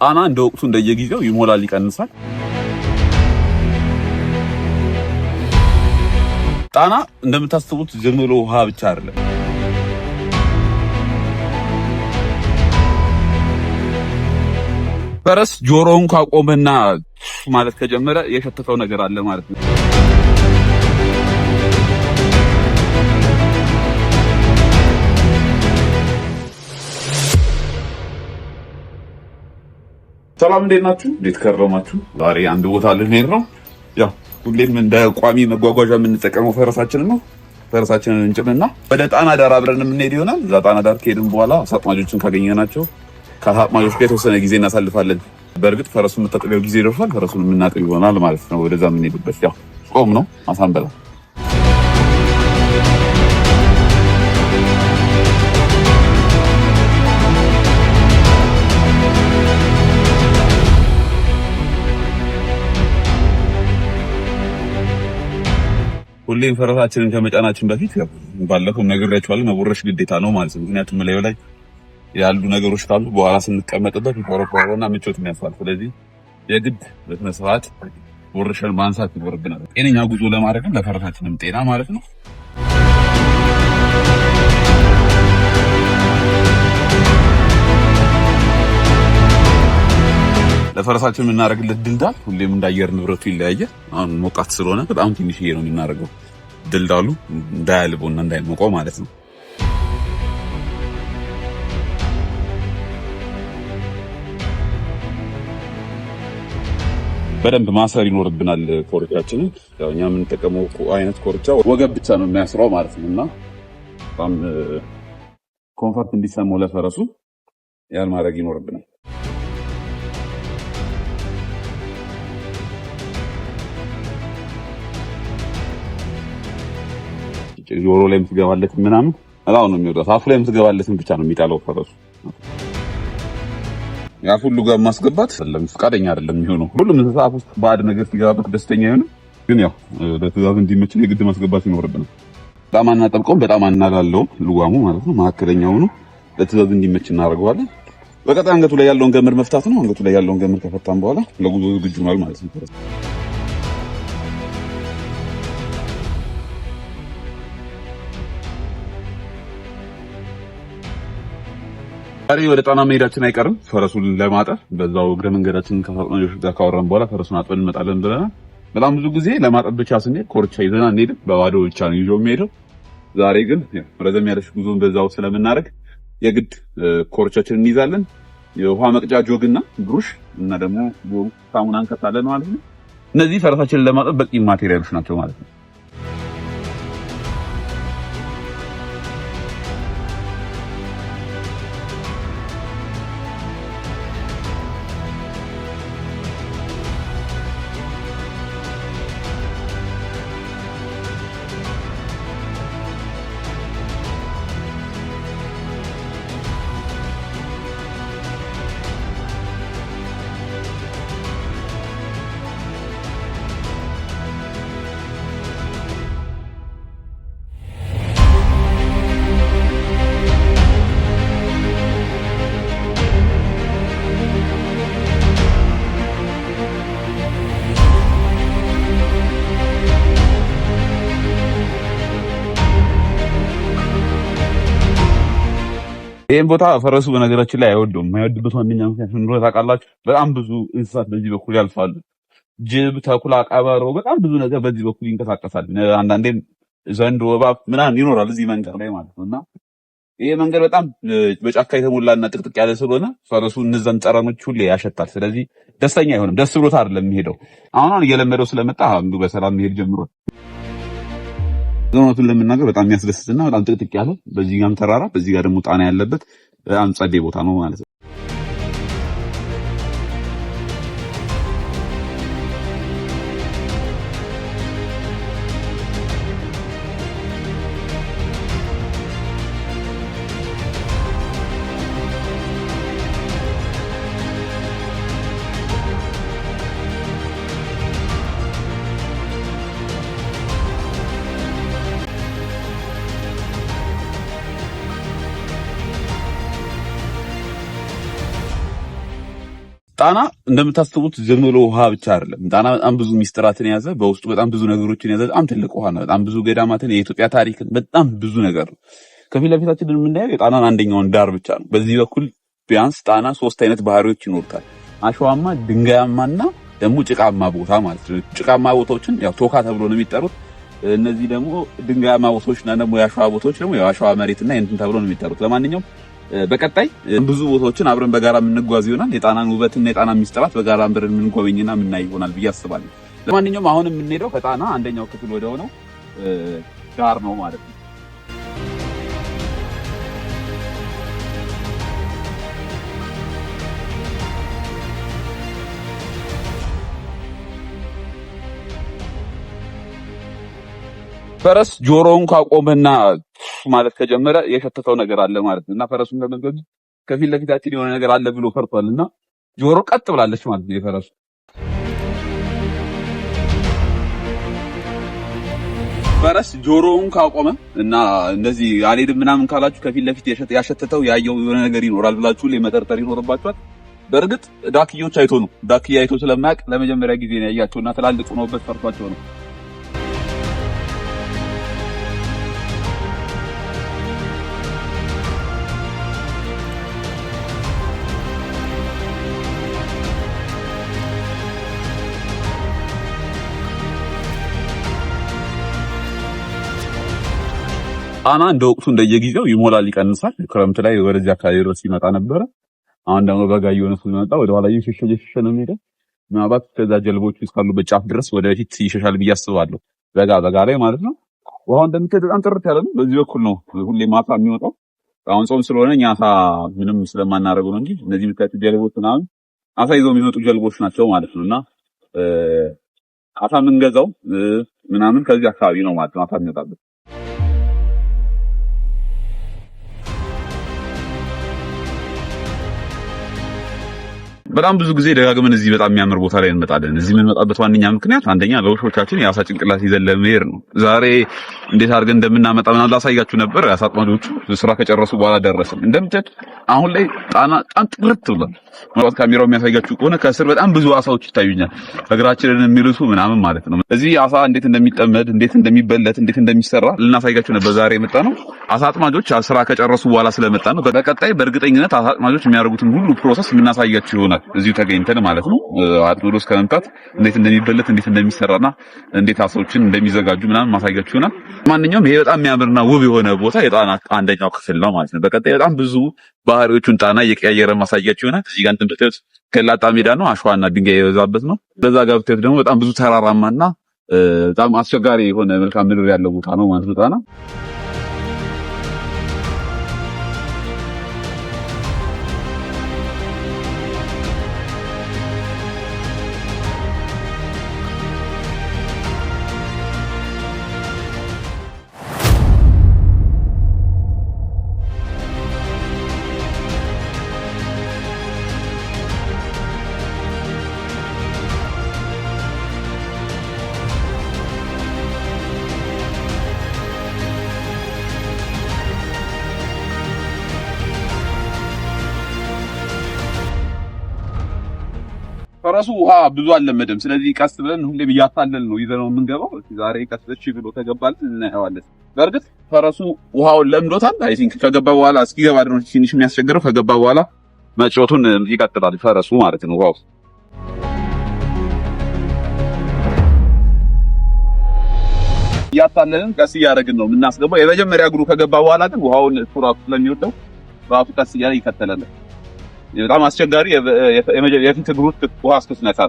ጣና እንደ ወቅቱ እንደየጊዜው ይሞላል፣ ይቀንሳል። ጣና እንደምታስቡት ዝም ብሎ ውሃ ብቻ አይደለም። ፈረስ ጆሮውን ካቆመና ማለት ከጀመረ የሸተተው ነገር አለ ማለት ነው። ሰላም እንዴት ናችሁ? እንዴት ከረማችሁ? ዛሬ አንድ ቦታ ልንሄድ ነው። ያው ሁሌም እንደ ቋሚ መጓጓዣ የምንጠቀመው ፈረሳችን ነው። ፈረሳችንን እንጭንና ወደ ጣና ዳር አብረን የምንሄድ ይሆናል። እዛ ጣና ዳር ከሄድን በኋላ አሳጥማጆችን ካገኘናቸው ከአሳጥማጆች ጋር የተወሰነ ጊዜ እናሳልፋለን። በእርግጥ ፈረሱን የምታጠቢያው ጊዜ ደርሷል። ፈረሱን የምናጠብ ይሆናል ማለት ነው። ወደዛ የምንሄድበት ያው ነው። አሳንበላ ሁሌም ፈረሳችንን ከመጫናችን በፊት ባለፈው ነግሬያችኋለሁ፣ መቦረሽ ግዴታ ነው ማለት ነው። ምክንያቱም ላዩ ላይ ያሉ ነገሮች ካሉ በኋላ ስንቀመጥበት ይቆረቆረና ምቾት የሚያስፋል። ስለዚህ የግድ በስነ ስርዓት ማንሳት ይኖርብናል። ጤነኛ ጉዞ ለማድረግም ለፈረሳችንም ጤና ማለት ነው። ለፈረሳችን የምናደርግለት ድልዳል ሁሌም እንዳየር አየር ንብረቱ ይለያየ። አሁን ሞቃት ስለሆነ በጣም ትንሽዬ ነው የምናደርገው ድልዳሉ እንዳያልቦና እንዳይሞቀው ማለት ነው። በደንብ ማሰር ይኖርብናል ኮርቻችንን። ያው እኛ የምንጠቀመው አይነት ኮርቻ ወገብ ብቻ ነው የሚያስረው ማለት ነው እና በጣም ኮንፈርት እንዲሰማው ለፈረሱ ያን ማድረግ ይኖርብናል። ጆሮ ላይ የምትገባለት ምናምን በጣም ነው የሚወጣት። አፉ ላይ የምትገባለትን ብቻ ነው የሚጣለው ፈረሱ። ያ ሁሉ ጋር ማስገባት ለም ፈቃደኛ አይደለም የሚሆነው። ሁሉም እንስሳ አፍ ውስጥ ባዕድ ነገር ሲገባበት ደስተኛ አይሆንም። ግን ያው ለትዕዛዝ እንዲመችል የግድ ማስገባት ይኖርብናል። በጣም አናጠብቀውም፣ በጣም አናላለውም። ልጓሙ ማለት ነው መካከለኛ ሆኖ ለትዕዛዝ እንዲመች እናደርገዋለን። በቀጣይ አንገቱ ላይ ያለውን ገመድ መፍታት ነው። አንገቱ ላይ ያለውን ገመድ ከፈታም በኋላ ለጉዞ ዝግጁ ማለት ነው። ዛሬ ወደ ጣና መሄዳችን አይቀርም ፈረሱን ለማጠፍ። በዛው እግረ መንገዳችን ከፈጥኖች ጋር ካወራን በኋላ ፈረሱን አጥበን እንመጣለን ብለናል። በጣም ብዙ ጊዜ ለማጠፍ ብቻ ስንሄድ ኮርቻ ይዘና እንሄድም፣ በባዶ ብቻ ነው ይዞ የሚሄደው። ዛሬ ግን ረዘም ያለች ጉዞን በዛው ስለምናደርግ የግድ ኮርቻችን እንይዛለን። የውሃ መቅጫ ጆግና ብሩሽ እና ደግሞ ሳሙና እንከታለን ማለት ነው። እነዚህ ፈረሳችንን ለማጠፍ በቂ ማቴሪያሎች ናቸው ማለት ነው። ይህም ቦታ ፈረሱ በነገራችን ላይ አይወዱም የማይወድበት ዋነኛ ምክንያት ምን ብሎ ታውቃላችሁ? በጣም ብዙ እንስሳት በዚህ በኩል ያልፋሉ። ጅብ፣ ተኩላ፣ ቀበሮ፣ በጣም ብዙ ነገር በዚህ በኩል ይንቀሳቀሳል። አንዳንዴም ዘንድ፣ እባብ ምናምን ይኖራል እዚህ መንገድ ላይ ማለት ነው። እና ይህ መንገድ በጣም በጫካ የተሞላና ጥቅጥቅ ያለ ስለሆነ ፈረሱ እነዛን ጠረኖች ሁሌ ያሸታል። ስለዚህ ደስተኛ አይሆንም። ደስ ብሎት አይደለም የሚሄደው። አሁን አሁን እየለመደው ስለመጣ በሰላም መሄድ ጀምሯል። እውነቱን ለምናገር በጣም የሚያስደስትና በጣም ጥቅጥቅ ያለ በዚህ ጋም ተራራ በዚህ ጋር ደግሞ ጣና ያለበት በጣም ጸዴ ቦታ ነው ማለት ነው። ጣና እንደምታስቡት ዝም ብሎ ውሃ ብቻ አይደለም። ጣና በጣም ብዙ ሚስጥራትን የያዘ በውስጡ በጣም ብዙ ነገሮችን የያዘ በጣም ትልቅ ውሃ ነው። በጣም ብዙ ገዳማትን፣ የኢትዮጵያ ታሪክን፣ በጣም ብዙ ነገር ነው። ከፊት ለፊታችን የምናየው የጣናን አንደኛውን ዳር ብቻ ነው። በዚህ በኩል ቢያንስ ጣና ሶስት አይነት ባህሪዎች ይኖሩታል። አሸዋማ፣ ድንጋያማና ደግሞ ጭቃማ ቦታ ማለት ነው። ጭቃማ ቦታዎችን ያው ቶካ ተብሎ ነው የሚጠሩት። እነዚህ ደግሞ ድንጋያማ ቦታዎችና ደግሞ የአሸዋ ቦታዎች ደግሞ የአሸዋ መሬትና ይንትን ተብሎ ነው የሚጠሩት። ለማንኛውም በቀጣይ ብዙ ቦታዎችን አብረን በጋራ የምንጓዝ ይሆናል። የጣናን ውበትና የጣናን ሚስጥራት በጋራ አብረን የምንጎበኝና የምናይ ይሆናል ብዬ አስባለሁ። ለማንኛውም አሁን የምንሄደው ከጣና አንደኛው ክፍል ወደ ሆነው ዳር ነው ማለት ነው። ፈረስ ጆሮውን ካቆመና ማለት ከጀመረ የሸተተው ነገር አለ ማለት ነው እና ፈረሱ እንደምትገዙ ከፊት ለፊታችን የሆነ ነገር አለ ብሎ ፈርቷል እና ጆሮ ቀጥ ብላለች ማለት ነው የፈረሱ ፈረስ ጆሮውን ካቆመ እና እነዚህ አልሄድም ምናምን ካላችሁ ከፊት ለፊት ያሸተተው ያየው የሆነ ነገር ይኖራል ብላችሁ መጠርጠር ይኖርባችኋል። በእርግጥ ዳክዮች አይቶ ነው ዳክዬ አይቶ ስለማያውቅ ለመጀመሪያ ጊዜ ነው ያያቸው እና ትላልቅ ሆኖበት ፈርቷቸው ነው። ጣና እንደ ወቅቱ እንደየጊዜው ይሞላል፣ ይቀንሳል። ክረምት ላይ ወደዚህ አካባቢ ድረስ ይመጣ ነበረ። አሁን ደግሞ በጋ እየሆነ ስለመጣ ወደኋላ እየሸሸ እየሸሸ ነው የሚሄደው። ምናልባት ከዛ ጀልቦቹ እስካሉበት ጫፍ ድረስ ወደፊት ይሸሻል ብዬ አስባለሁ። በጋ በጋ ላይ ማለት ነው። ውሃ እንደምትሄድ በጣም ጥርት ያለ ነው። በዚህ በኩል ነው ሁሌ ማታ የሚወጣው። አሁን ጾም ስለሆነ እኛ አሳ ምንም ስለማናደርገው ነው እንጂ እነዚህ የምታያቸው ጀልቦች ምናምን አሳ ይዘው የሚመጡ ጀልቦች ናቸው ማለት ነው። እና አሳ የምንገዛው ምናምን ከዚህ አካባቢ ነው ማለት ነው አሳ የሚወጣበት በጣም ብዙ ጊዜ ደጋግመን እዚህ በጣም የሚያምር ቦታ ላይ እንመጣለን። እዚህ የምንመጣበት ዋነኛ ምክንያት አንደኛ ለውሾቻችን የአሳ ጭንቅላት ይዘን ለመሄድ ነው። ዛሬ እንዴት አድርገን እንደምናመጣ ምናምን ላሳያችሁ ነበር። የአሳ አጥማጆቹ ስራ ከጨረሱ በኋላ ደረስን። እንደምታዩት አሁን ላይ ጣና ጣን ጥርት ብሏል። ምናልባት ካሜራው የሚያሳያችሁ ከሆነ ከስር በጣም ብዙ አሳዎች ይታዩኛል፣ እግራችንን የሚልሱ ምናምን ማለት ነው። እዚህ አሳ እንዴት እንደሚጠመድ፣ እንዴት እንደሚበለት፣ እንዴት እንደሚሰራ ልናሳያችሁ ነበር። ዛሬ የመጣ ነው አሳ አጥማጆች ስራ ከጨረሱ በኋላ ስለመጣ ነው። በቀጣይ በእርግጠኝነት አሳ አጥማጆች የሚያደርጉትን ሁሉ ፕሮሰስ የምናሳያችሁ ይሆናል። እዚሁ ተገኝተን ማለት ነው አጥምዶ እስከ መምጣት እንዴት እንደሚበለት እንዴት እንደሚሰራና እንዴት አሳዎችን እንደሚዘጋጁ ምናምን ማሳያችሁ ይሆናል። ማንኛውም ይሄ በጣም የሚያምርና ውብ የሆነ ቦታ የጣና አንደኛው ክፍል ነው ማለት ነው። በቀጣይ በጣም ብዙ ባህሪዎቹን ጣና እየቀያየረ ማሳያችሁ ይሆናል። እዚህ ጋር እንደምታዩት ከላጣ ሜዳ ነው፣ አሸዋና ድንጋይ የበዛበት ነው። በዛ ጋር ብታዩት ደግሞ በጣም ብዙ ተራራማና በጣም አስቸጋሪ የሆነ መልካም ምድር ያለው ቦታ ነው ማለት ነው ጣና ራሱ ውሃ ብዙ አልለመደም። ስለዚህ ቀስ ብለን ሁሌም እያታለል ነው ይዘነው የምንገባው። ዛሬ ቀስ ብለሽ ብሎ ተገባልን እናየዋለን። በእርግጥ ፈረሱ ውሃውን ለምዶታል። አይ ቲንክ ከገባ በኋላ እስኪገባ ድሮ ትንሽ የሚያስቸግረው ከገባ በኋላ መጮቱን ይቀጥላል ፈረሱ ማለት ነው ውሃው እያታለልን ቀስ እያደረግን ነው የምናስገባው። የመጀመሪያ እግሩ ከገባ በኋላ ግን ውሃውን ቱራቱ ስለሚወደው በአፉ ቀስ እያለ ይከተለናል። በጣም አስቸጋሪ የፊት እግሩ ውሃ እስክትነካ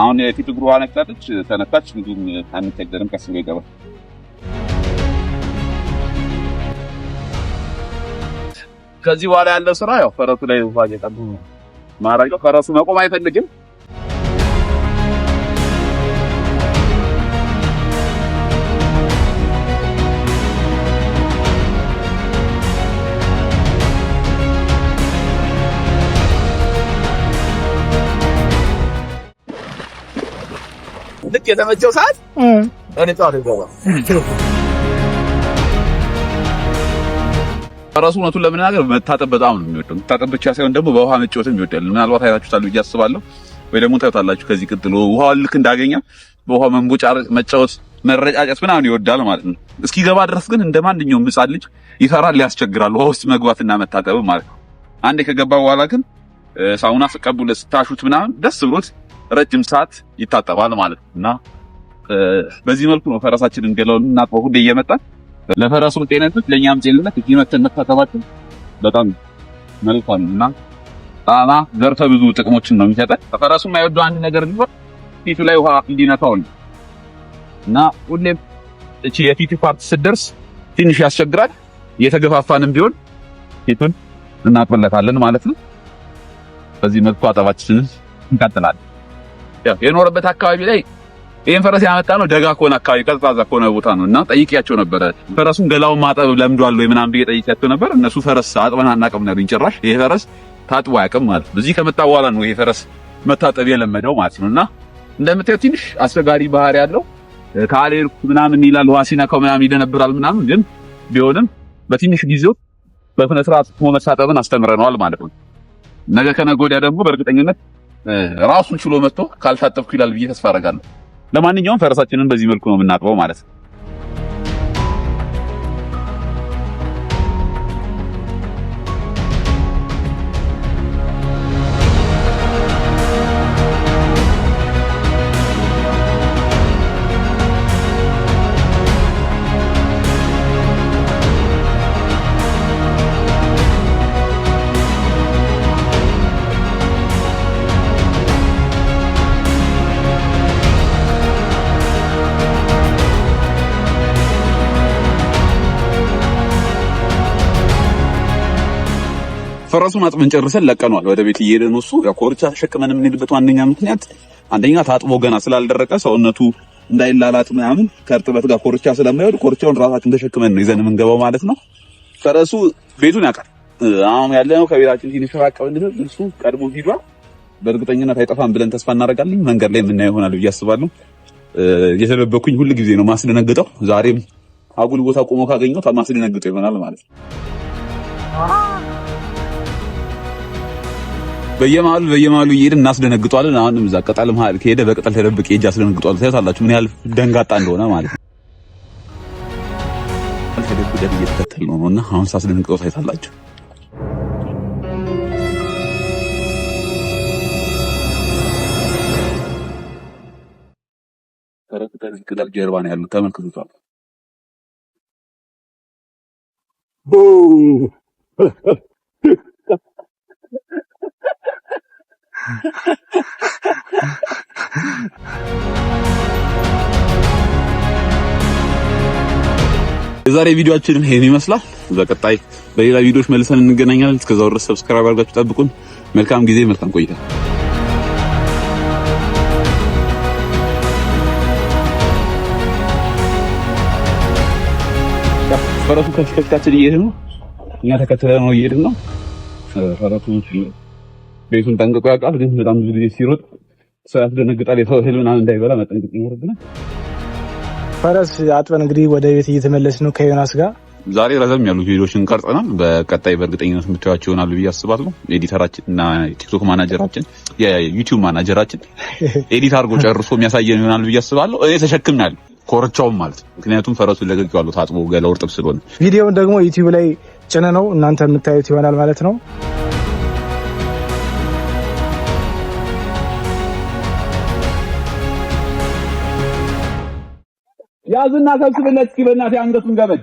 አሁን የፊት እግሩ ውሃ ነክታለች፣ ተነካች፣ እንዲሁም አንቸገርም፣ ቀስ ብሎ ይገባል። ከዚህ በኋላ ያለው ስራ ያው ፈረሱ ላይ ውሃ እየቀዱ ፈረሱ መቆም አይፈልግም። ልክ የተመቸው ሰዓት እኔ ጠዋት ይገባ ራሱ እውነቱን ለመናገር መታጠብ በጣም ነው የሚወደው። መታጠብ ብቻ ሳይሆን ደግሞ በውሃ መጫወትም ይወዳል። ምናልባት አይታችሁታል ብዬ አስባለሁ፣ ወይ ደግሞ ታዩታላችሁ ከዚህ ቀጥሎ። ውሃ ልክ እንዳገኘም በውሃ መንቦጫ መጫወት፣ መረጫጨት ምናምን ይወዳል ማለት ነው። እስኪገባ ድረስ ግን እንደ ማንኛውም ሕፃን ልጅ ይፈራል፣ ያስቸግራል ውሃ ውስጥ መግባትና መታጠብ ማለት ነው። አንዴ ከገባ በኋላ ግን ሳሙና ቀቡለት ስታሹት ምናምን ደስ ብሎት ረጅም ሰዓት ይታጠባል ማለት ነው እና በዚህ መልኩ ነው ፈረሳችን እንገለው እናጥበው ሁሌ እየመጣን ለፈረሱም ጤንነት ለእኛም ጤንነት እዚህ መተን መታጠባችን በጣም መልካም እና ጣና ዘርፈ ብዙ ጥቅሞችን ነው የሚሰጠን። ፈረሱ የማይወዱ አንድ ነገር ቢሆን ፊቱ ላይ ውሃ እንዲነካው ነው እና ሁሌም እቺ የፊቱ ፓርት ስትደርስ ትንሽ ያስቸግራል። እየተገፋፋንም ቢሆን ፊቱን እናጥብለታለን ማለት ነው። በዚህ መልኩ አጠባችንን እንቀጥላለን። የኖረበት አካባቢ ላይ ይህን ፈረስ ያመጣ ነው ደጋ ከሆነ አካባቢ ቀዝቃዛ ከሆነ ቦታ ነው እና ጠይቄያቸው ነበረ። ፈረሱን ገላውን ማጠብ ለምዷል ወይ ምናምን ብዬ ጠይቄያቸው ነበር። እነሱ ፈረስ አጥበን አናውቅም ነው ጭራሽ። ይሄ ፈረስ ታጥቦ አያውቅም ማለት ነው። እዚህ ከመጣ በኋላ ነው ይሄ ፈረስ መታጠብ የለመደው ማለት ነው። እና እንደምታየው ትንሽ አስቸጋሪ ባህሪ ያለው ካሌር ምናምን ይላል፣ ውሃ ሲነካው ምናምን ይደነብራል ምናምን። ግን ቢሆንም በትንሽ ጊዜው በስነ ስርዓት መታጠብን አስተምረነዋል ማለት ነው። ነገ ከነገ ወዲያ ደግሞ በእርግጠኝነት ራሱን ችሎ መጥቶ ካልታጠብኩ ይላል ብዬ ተስፋ አደርጋለሁ። ለማንኛውም ፈረሳችንን በዚህ መልኩ ነው የምናጥበው ማለት ነው። ራሱን አጥበን ጨርሰን ለቀኗል። ወደ ቤት ነው እሱ ያው ኮርቻ ተሸክመን የምንሄድበት ዋነኛ ምክንያት አንደኛ ታጥቦ ገና ስላልደረቀ ሰውነቱ እንዳይላላጥ ምናምን ከእርጥበት ጋር ኮርቻ ስለማይወድ ኮርቻውን ራሳችን ተሸክመን ነው ይዘን የምንገባው ማለት ነው። ፈረሱ ቤቱን ያውቃል። አሁን ያለ ነው ከቤታችን ትንሽ ራቅ ብለን እሱ ቀድሞ ቢገባ በእርግጠኝነት አይጠፋም ብለን ተስፋ እናደርጋለን። መንገድ ላይ የምናየው ይሆናል ብዬ አስባለሁ። እየተደበኩኝ ሁል ጊዜ ነው ማስደነግጠው። ዛሬም አጉል ቦታ ቆሞ ካገኘው ማስደነግጠው ይሆናል ማለት ነው። በየመሀሉ በየመሀሉ እየሄድን እናስደነግጧለን። አሁንም እዛ ቅጠል መሀል ከሄደ በቅጠል ተደብቄ ሄጄ አስደነግጧል ታያታላችሁ ምን ያህል ደንጋጣ እንደሆነ ማለት ነው። ተደብቀን እየተከተል ነው እና አሁን ሳስደነግጠው ታያታላችሁ። ቅጠል ጀርባ ነው ያሉት። ተመልክቱታል። የዛሬ ቪዲዮአችንን ይሄን ይመስላል። በቀጣይ በሌላ ቪዲዮዎች መልሰን እንገናኛለን። እስከዛው ድረስ ሰብስክራይብ አድርጋችሁ ጠብቁን። መልካም ጊዜ፣ መልካም ቆይታ። ፈረሱ ከፊት ከፊታችን እየሄድ ነው። እኛ ተከትለ ነው እየሄድ ነው። ፈረሱ ቤቱን ጠንቅቆ ያውቃል። ግን በጣም ብዙ ጊዜ ሲሮጥ ሰው ያስደነግጣል። የሰው እህል ምናምን እንዳይበላ መጠንቀቅ ይኖርብናል። ፈረስ አጥበን እንግዲህ ወደ ቤት እየተመለስ ነው ከዮናስ ጋር ዛሬ ረዘም ያሉ ቪዲዮዎችን ቀርጸናል። በቀጣይ በእርግጠኝነት የምታዩቸው ይሆናሉ ብዬ አስባለሁ። ኤዲተራችን እና ቲክቶክ ማናጀራችን የዩቲዩብ ማናጀራችን ኤዲት አድርጎ ጨርሶ የሚያሳየን ይሆናሉ ብዬ አስባለሁ። እኔ ተሸክምናል ኮርቻውም ማለት ምክንያቱም ፈረሱን ለቅቄዋለሁ ታጥቦ ገላው እርጥብ ስለሆነ ቪዲዮውን ደግሞ ዩቲዩብ ላይ ጭነ ነው እናንተ የምታዩት ይሆናል ማለት ነው። ያዙና ሰብስብለት እስኪ በእናትህ አንገቱን ገመድ